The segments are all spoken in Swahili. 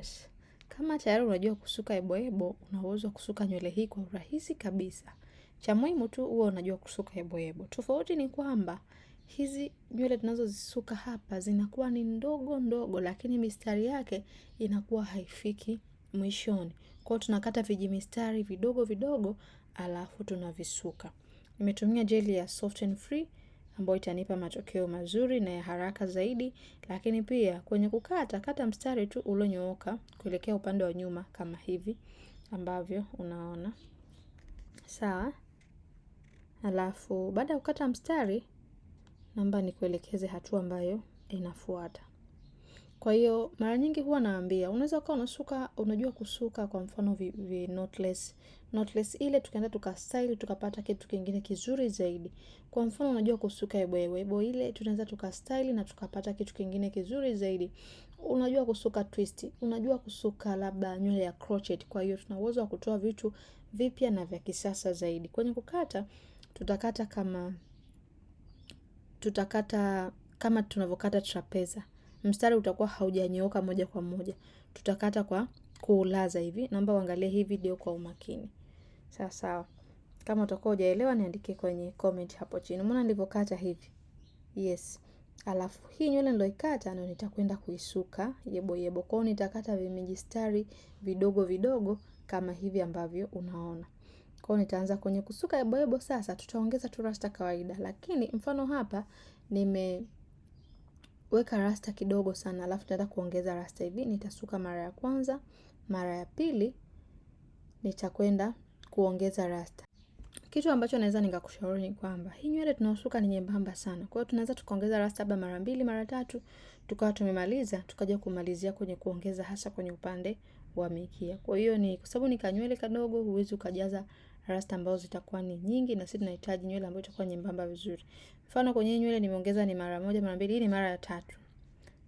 Yes. Kama tayari unajua kusuka ebo una uwezo wa kusuka nywele hii kwa urahisi kabisa. Cha muhimu tu huwa unajua kusuka ebo Tofauti ni kwamba hizi nywele tunazozisuka hapa zinakuwa ni ndogo ndogo, lakini mistari yake inakuwa haifiki mwishoni. Kwa hiyo tunakata vijimistari vidogo vidogo, alafu tunavisuka. Nimetumia jeli ya Soft and Free ambayo itanipa matokeo mazuri na ya haraka zaidi, lakini pia kwenye kukata, kata mstari tu ulionyooka kuelekea upande wa nyuma kama hivi ambavyo unaona. Sawa. Alafu baada ya kukata mstari, naomba nikuelekeze hatua ambayo inafuata. Kwa hiyo mara nyingi huwa naambia, unaweza ukawa unasuka, unajua kusuka kwa mfano vi, vi knotless notless ile tukaenda tukastyle tukapata kitu kingine kizuri zaidi. Kwa mfano, unajua kusuka ebwebo, ebwebo ile tunaweza tukastyle na tukapata kitu kingine kizuri zaidi. Unajua kusuka twist, unajua kusuka labda nywele ya crochet. Kwa hiyo tuna uwezo wa kutoa vitu vipya na vya kisasa zaidi. Kwenye kukata tutakata kama tutakata kama tunavyokata trapeza. Mstari utakuwa haujanyooka moja kwa moja, tutakata kwa kuulaza hivi. Naomba uangalie hii video kwa umakini. Sawa sawa. Kama utakuwa hujaelewa niandikie kwenye comment hapo chini. Umeona nilivyokata hivi? Yes. Alafu hii nywele niloikata ndio nitakwenda kuisuka yebo yebo. Kwa hiyo nitakata vimijistari vidogo vidogo kama hivi ambavyo unaona. Kwa hiyo nitaanza kwenye kusuka yebo yebo. Sasa tutaongeza tu rasta kawaida, lakini mfano hapa nime weka rasta kidogo sana, alafu nitaenda kuongeza rasta hivi. Nitasuka mara ya kwanza, mara ya pili nitakwenda kuongeza rasta. Kitu ambacho naweza nikakushauri ni kwamba hii nywele tunaosuka ni nyembamba sana. Kwa hiyo tunaweza tukaongeza rasta labda mara mbili, mara tatu, tukawa tumemaliza, tukaja kumalizia kwenye kuongeza hasa kwenye upande wa mikia. Kwa hiyo ni kwa sababu ni kanywele kadogo, huwezi ukajaza rasta ambazo zitakuwa ni nyingi, na sisi tunahitaji nywele ambayo itakuwa nyembamba vizuri. Mfano kwenye nywele nimeongeza ni mara moja, mara mbili, hii ni mara ya tatu.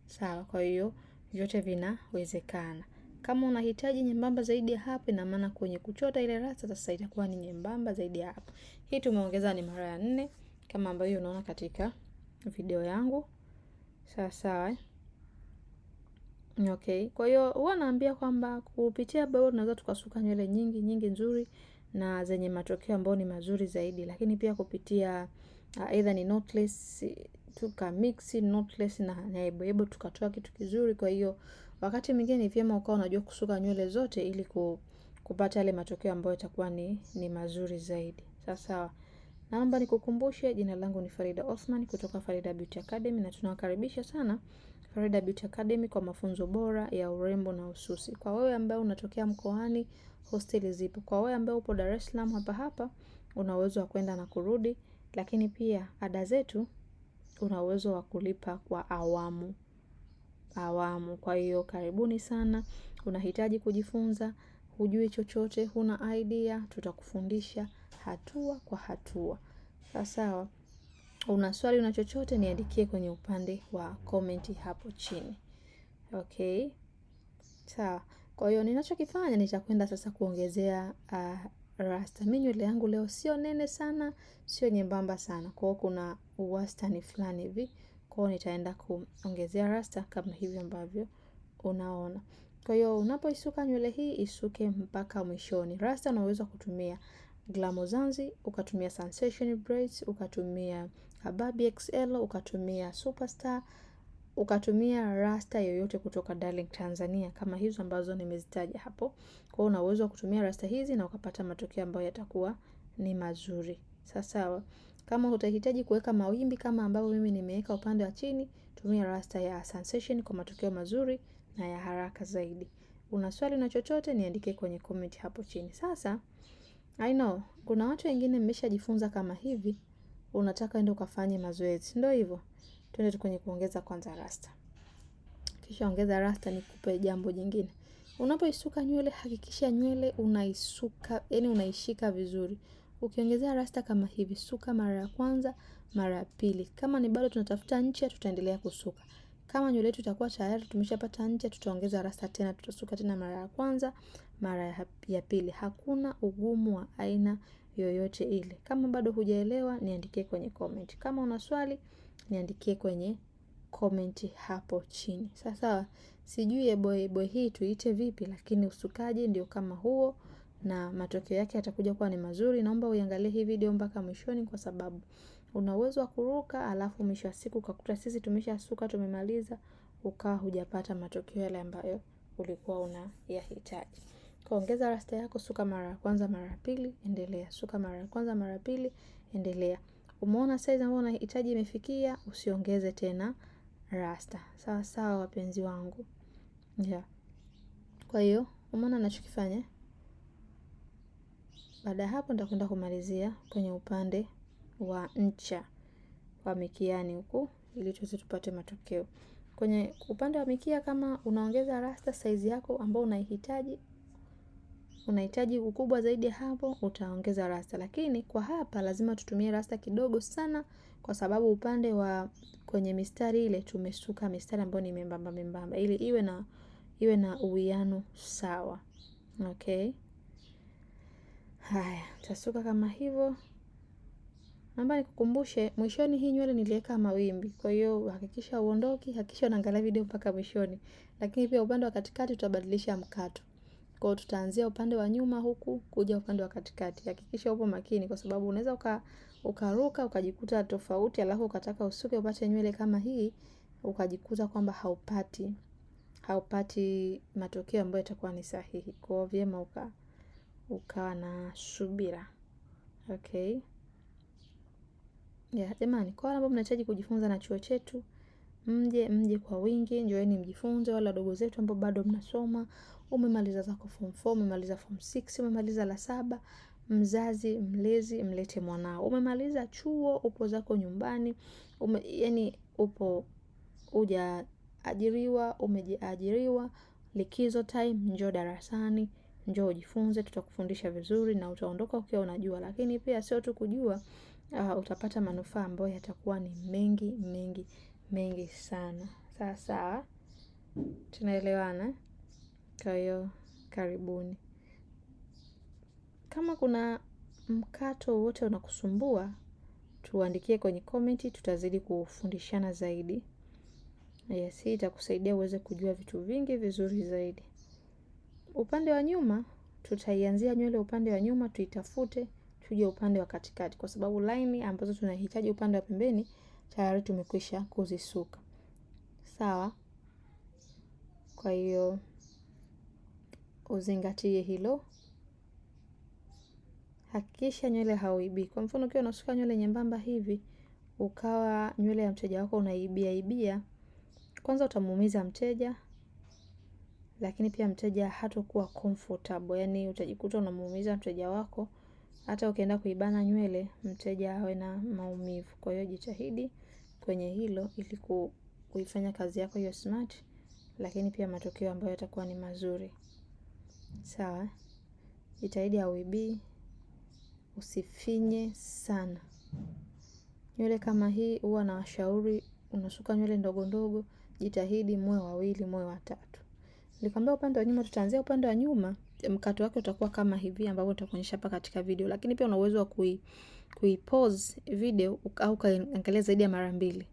Sawa, kwa hiyo vyote vinawezekana. Kama unahitaji nyembamba zaidi ya hapo, ina maana kwenye kuchota ile rasta sasa itakuwa ni nyembamba zaidi ya hapo. Hii tumeongeza ni mara ya nne kama ambavyo unaona katika video yangu. Sawa sawa. Okay. Kwa hiyo huwa naambia kwamba kupitia babo tunaweza tukasuka nywele nyingi nyingi nzuri na zenye matokeo ambayo ni mazuri zaidi, lakini pia kupitia uh, either ni knotless tukamix knotless na na hebo hebo tukatoa kitu kizuri, kwa hiyo Wakati mwingine ni vyema ukawa unajua kusuka nywele zote ili ku, kupata yale matokeo ambayo yatakuwa ni, ni mazuri zaidi. Sasa naomba nikukumbushe, jina langu ni Farida Othman kutoka Farida Beauty Academy na tunawakaribisha sana Farida Beauty Academy kwa mafunzo bora ya urembo na ususi. Kwa wewe ambaye unatokea mkoani, hosteli zipo. Kwa wewe ambaye upo Dar es Salaam hapa hapa, una uwezo wa kwenda na kurudi, lakini pia ada zetu una uwezo wa kulipa kwa awamu awamu. Kwa hiyo karibuni sana. Unahitaji kujifunza, hujui chochote, huna idea, tutakufundisha hatua kwa hatua. Sawasawa. Una swali, una chochote, niandikie kwenye upande wa komenti hapo chini. Okay, sawa. Kwa hiyo ninachokifanya nitakwenda sasa kuongezea uh, rasta. Mimi nywele yangu leo sio nene sana, sio nyembamba sana, kwa hiyo kuna uwastani fulani hivi kwao nitaenda kuongezea rasta kama hivi ambavyo unaona. Kwa hiyo unapoisuka nywele hii isuke mpaka mwishoni. Rasta unaweza kutumia Glamozanzi, ukatumia Sensation braids, ukatumia Hababi XL, ukatumia Superstar, ukatumia rasta yoyote kutoka Darling Tanzania kama hizo ambazo nimezitaja hapo. Kwa hiyo unaweza kutumia rasta hizi na ukapata matokeo ambayo yatakuwa ni mazuri sawasawa. Kama utahitaji kuweka mawimbi kama ambavyo mimi nimeweka upande wa chini, tumia rasta ya sensation kwa matokeo mazuri na ya haraka zaidi. Una swali na chochote, niandike kwenye comment hapo chini. Sasa I know kuna watu wengine mmeshajifunza kama hivi, unataka ende ukafanye mazoezi, ndio hivyo. Twende tu kwenye kuongeza kwanza rasta, kisha ongeza rasta. Nikupe jambo jingine, unapoisuka nywele hakikisha nywele unaisuka, yani unaishika vizuri. Ukiongezea rasta kama hivi, suka mara ya kwanza, mara ya pili. Kama ni bado tunatafuta ncha, tutaendelea kusuka. Kama nywele yetu itakuwa tayari tumeshapata ncha, tutaongeza rasta tena, tutasuka tena mara ya kwanza, mara ya pili. Hakuna ugumu wa aina yoyote ile. Kama bado hujaelewa, niandikie kwenye comment. Kama una swali, niandikie kwenye comment hapo chini. Sasa sijui eboebo hii tuite vipi, lakini usukaji ndio kama huo na matokeo yake yatakuja kuwa ni mazuri. Naomba uiangalie hii video mpaka mwishoni, kwa sababu una uwezo wa kuruka alafu mwisho wa siku ukakuta sisi tumeshasuka tumemaliza, ukawa hujapata matokeo yale ambayo ulikuwa unayahitaji. Kaongeza rasta yako, suka mara ya kwanza, mara ya pili, endelea, suka mara ya kwanza, mara ya pili, endelea. Umeona size ambayo unahitaji imefikia, usiongeze tena rasta. Sawa sawa, wapenzi wangu, yeah. Kwa hiyo umeona nachokifanya baada ya hapo nitakwenda kumalizia kwenye upande wa ncha wa mikiani huku ili tuweze tupate matokeo. Kwenye upande wa mikia, kama unaongeza rasta saizi yako ambayo unaihitaji, unahitaji ukubwa zaidi ya hapo, utaongeza rasta, lakini kwa hapa lazima tutumie rasta kidogo sana, kwa sababu upande wa kwenye mistari ile tumesuka mistari ambayo ni membamba membamba, ili iwe na iwe na uwiano sawa, okay. Haya, tasuka kama hivyo. Naomba nikukumbushe, mwishoni hii nywele niliweka mawimbi, kwa hiyo hakikisha uondoki, hakikisha unaangalia video mpaka mwishoni. Lakini pia upande wa katikati tutabadilisha mkato, kwa hiyo tutaanzia upande wa nyuma huku kuja upande wa katikati. Hakikisha upo makini, kwa sababu unaweza uka, ukaruka ukajikuta tofauti, alafu ukataka usuke upate nywele kama hii, ukajikuta kwamba haupati haupati matokeo ambayo yatakuwa ni sahihi. Kwa hiyo vyema ukaa ukawa na subira. Okay. Ya, jamani kwa wale ambao mnahitaji kujifunza na chuo chetu, mje mje kwa wingi, njoeni mjifunze. Wale wadogo zetu ambao bado mnasoma, umemaliza zako form 4, umemaliza form 6, umemaliza la saba, mzazi mlezi, mlete mwanao. Umemaliza chuo, upo zako nyumbani, ume, yani upo ujaajiriwa, umejiajiriwa, likizo time, njoo darasani njoo ujifunze, tutakufundisha vizuri na utaondoka ukiwa unajua. Lakini pia sio tu kujua, uh, utapata manufaa ambayo yatakuwa ni mengi mengi mengi sana. Sawa sawa, tunaelewana? Kwa hiyo karibuni. Kama kuna mkato wote unakusumbua, tuandikie kwenye komenti, tutazidi kufundishana zaidi. Yes, hii itakusaidia uweze kujua vitu vingi vizuri zaidi upande wa nyuma tutaianzia nywele upande wa nyuma, tuitafute tuje upande wa katikati, kwa sababu laini ambazo tunahitaji upande wa pembeni tayari tumekwisha kuzisuka. Sawa. Kwa hiyo uzingatie hilo, hakikisha nywele hauibii. Kwa mfano, ukiwa unasuka nywele nyembamba hivi ukawa nywele ya mteja wako ibia, kwanza utamuumiza mteja, lakini pia mteja hatokuwa comfortable, yani utajikuta unamuumiza mteja wako. Hata ukienda kuibana nywele mteja awe na maumivu. Kwa hiyo jitahidi kwenye hilo ili kuifanya kazi yako hiyo smart, lakini pia matokeo ambayo yatakuwa ni mazuri. Sawa, jitahidi auibii, usifinye sana nywele kama hii. Huwa na washauri unasuka nywele ndogo ndogo, jitahidi muwe wawili, muwe watatu. Nilikwambia upande wa nyuma, tutaanzia upande wa nyuma. Mkato wake utakuwa kama hivi ambavyo nitakuonyesha hapa katika video, lakini pia una uwezo wa kui pause video au ukaangalia zaidi ya mara mbili,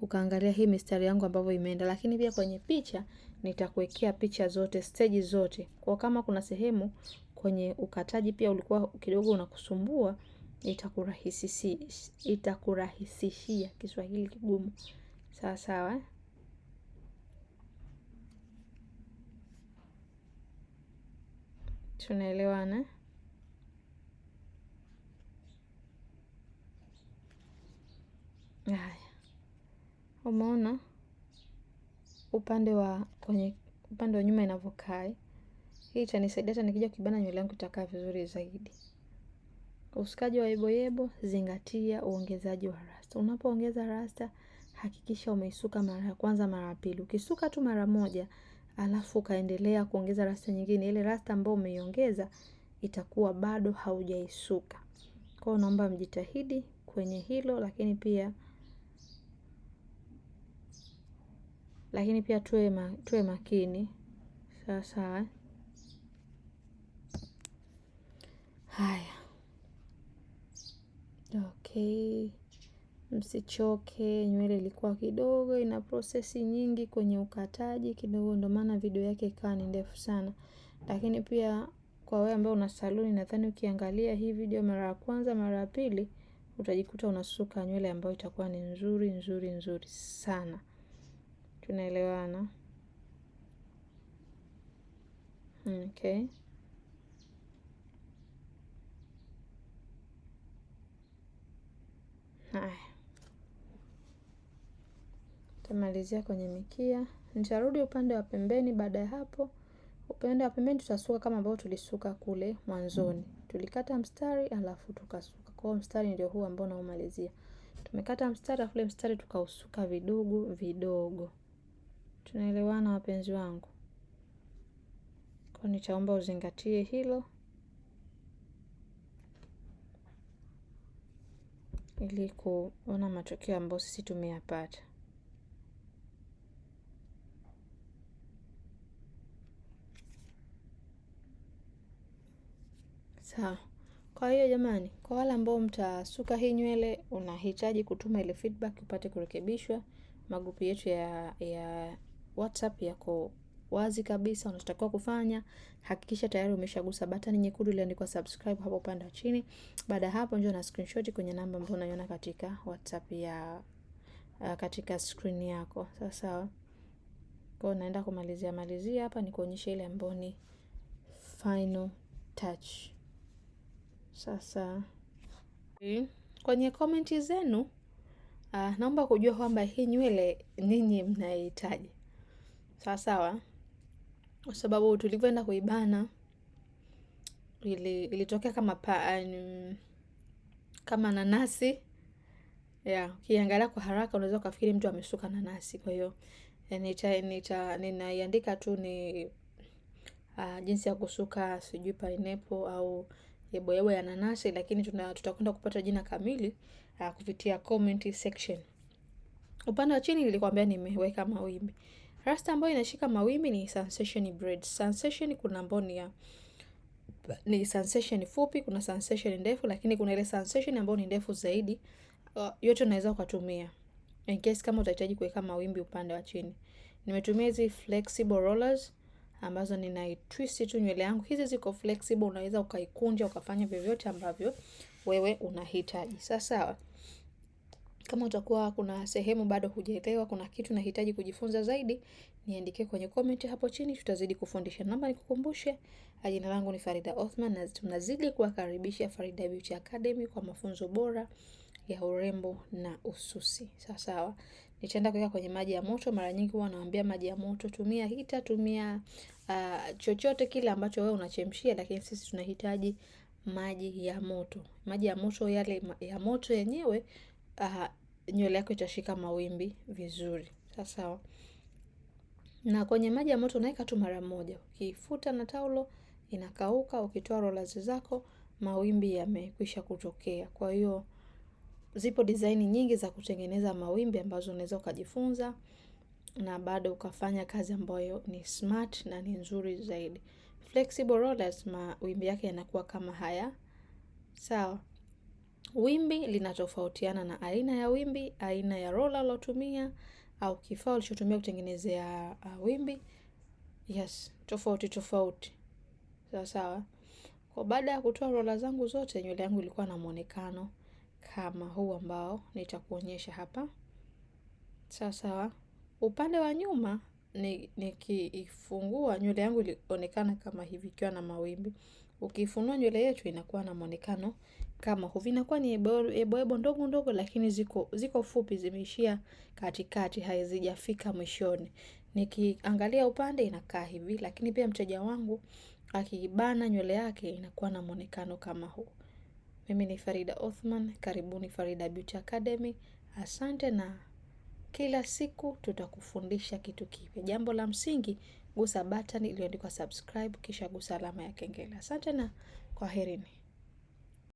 ukaangalia hii mistari yangu ambavyo imeenda. Lakini pia kwenye picha nitakuwekea picha zote, stage zote, kwa kama kuna sehemu kwenye ukataji pia ulikuwa kidogo unakusumbua, itakurahisishia. Itakurahisishia Kiswahili kigumu, sawa sawa. Eh? tunaelewana. Haya, umeona upande wa kwenye upande wa nyuma inavyokaa. Hii itanisaidia hata nikija kuibana nywele yangu itakaa vizuri zaidi. Usukaji wa yeboyebo, zingatia uongezaji wa rasta. Unapoongeza rasta, hakikisha umeisuka mara ya kwanza, mara ya pili. Ukisuka tu mara moja alafu ukaendelea kuongeza rasta nyingine, ile rasta ambayo umeiongeza itakuwa bado haujaisuka. Kwa hiyo naomba mjitahidi kwenye hilo, lakini pia lakini pia tuwe, ma, tuwe makini sasa. Haya, okay msichoke. Nywele ilikuwa kidogo ina prosesi nyingi kwenye ukataji kidogo, ndio maana video yake ikawa ni ndefu sana. Lakini pia kwa wewe ambaye una saluni, nadhani ukiangalia hii video mara ya kwanza, mara ya pili, utajikuta unasuka nywele ambayo itakuwa ni nzuri nzuri nzuri sana. Tunaelewana? Okay. Haya nitamalizia kwenye mikia. Nitarudi upande wa pembeni baada ya hapo. Upande wa pembeni tutasuka kama ambavyo tulisuka kule mwanzoni. Tulikata mstari alafu tukasuka. Kwa hiyo mstari ndio huu ambao naumalizia. Tumekata mstari alafu ile mstari tukausuka vidugu vidogo. Tunaelewana wapenzi wangu? Kwa nitaomba uzingatie hilo. Ili kuona matokeo ambayo sisi tumeyapata. Sawa. Kwa hiyo jamani, kwa wale ambao mtasuka hii nywele, unahitaji kutuma ile feedback upate kurekebishwa. Magrupu yetu ya, ya WhatsApp yako wazi kabisa, unachotakiwa kufanya hakikisha tayari umeshagusa button nyekundu iliyoandikwa subscribe hapo upande wa chini. Baada hapo, njoo na screenshot kwenye namba ambayo unaiona katika WhatsApp ya uh, katika screen yako sawa sawa. Kwa naenda kumalizia malizia hapa, nikuonyeshe ile ambayo ni final touch. Sasa kwenye komenti zenu uh, naomba kujua kwamba hii nywele ninyi mnaihitaji sawa sawa, kwa sababu tulivyoenda kuibana ili, ilitokea kama pa, um, kama nanasi ya ukiangalia kwa haraka unaweza ukafikiri mtu amesuka nanasi. Kwa hiyo eh, nita, nita, ninaiandika tu ni uh, jinsi ya kusuka sijui pineapple au yaboyabo ya nanasi, lakini tutakwenda kupata jina kamili uh, kupitia comment section. Upande wa chini nilikwambia nimeweka mawimbi. Rasta ambayo inashika mawimbi ni sensation bread. Sensation kuna ambayo ni ya ni sensation fupi, kuna sensation ndefu, lakini kuna ile sensation ambayo ni ndefu zaidi. Uh, yote unaweza kutumia in case kama utahitaji kuweka mawimbi upande wa chini. Nimetumia hizi flexible rollers ambazo ninaitwist tu nywele yangu. Hizi ziko flexible, unaweza ukaikunja ukafanya vyovyote ambavyo wewe unahitaji. Sasa kama utakuwa kuna sehemu bado hujaelewa, kuna kitu nahitaji kujifunza zaidi, niandikie kwenye comment hapo chini, tutazidi kufundisha. Naomba nikukumbushe, jina langu ni Farida Othman na tunazidi kuwakaribisha Farida Beauty Academy kwa mafunzo bora ya urembo na ususi. Sawa sawa nitaenda kuweka kwenye maji ya moto. Mara nyingi huwa naambia maji ya moto, tumia hita, tumia uh, chochote kile ambacho wewe unachemshia, lakini sisi tunahitaji maji ya moto. Maji ya moto yale ya moto yenyewe, uh, nywele yako itashika mawimbi vizuri, sawa Na kwenye maji ya moto unaweka tu mara moja, ukifuta na taulo inakauka, ukitoa rollers zako mawimbi yamekwisha kutokea. Kwa hiyo zipo design nyingi za kutengeneza mawimbi ambazo unaweza ukajifunza na bado ukafanya kazi ambayo ni smart na ni nzuri zaidi. Flexible rollers mawimbi yake yanakuwa kama haya. Sawa. Wimbi linatofautiana na aina ya wimbi, aina ya roller ulotumia au kifaa ulichotumia kutengenezea wimbi. Yes, tofauti tofauti. Sawa sawa. Kwa baada ya kutoa roller zangu zote, nywele yangu ilikuwa na mwonekano kama huu ambao nitakuonyesha hapa sawa sawa. Upande wa nyuma nikiifungua nywele yangu ilionekana kama hivi, ikiwa na mawimbi. Ukifunua nywele yetu inakuwa na muonekano kama hivi, inakuwa ni ebo ndogo ndogo, lakini ziko ziko fupi, zimeishia katikati, hazijafika mwishoni. Nikiangalia upande inakaa hivi, lakini pia mteja wangu akibana nywele yake inakuwa na muonekano kama huu. Mimi ni Farida Othman, karibuni Farida Beauty Academy. Asante na kila siku tutakufundisha kitu kipya. Jambo la msingi, gusa button iliyoandikwa subscribe kisha gusa alama ya kengele. Asante na kwaherini.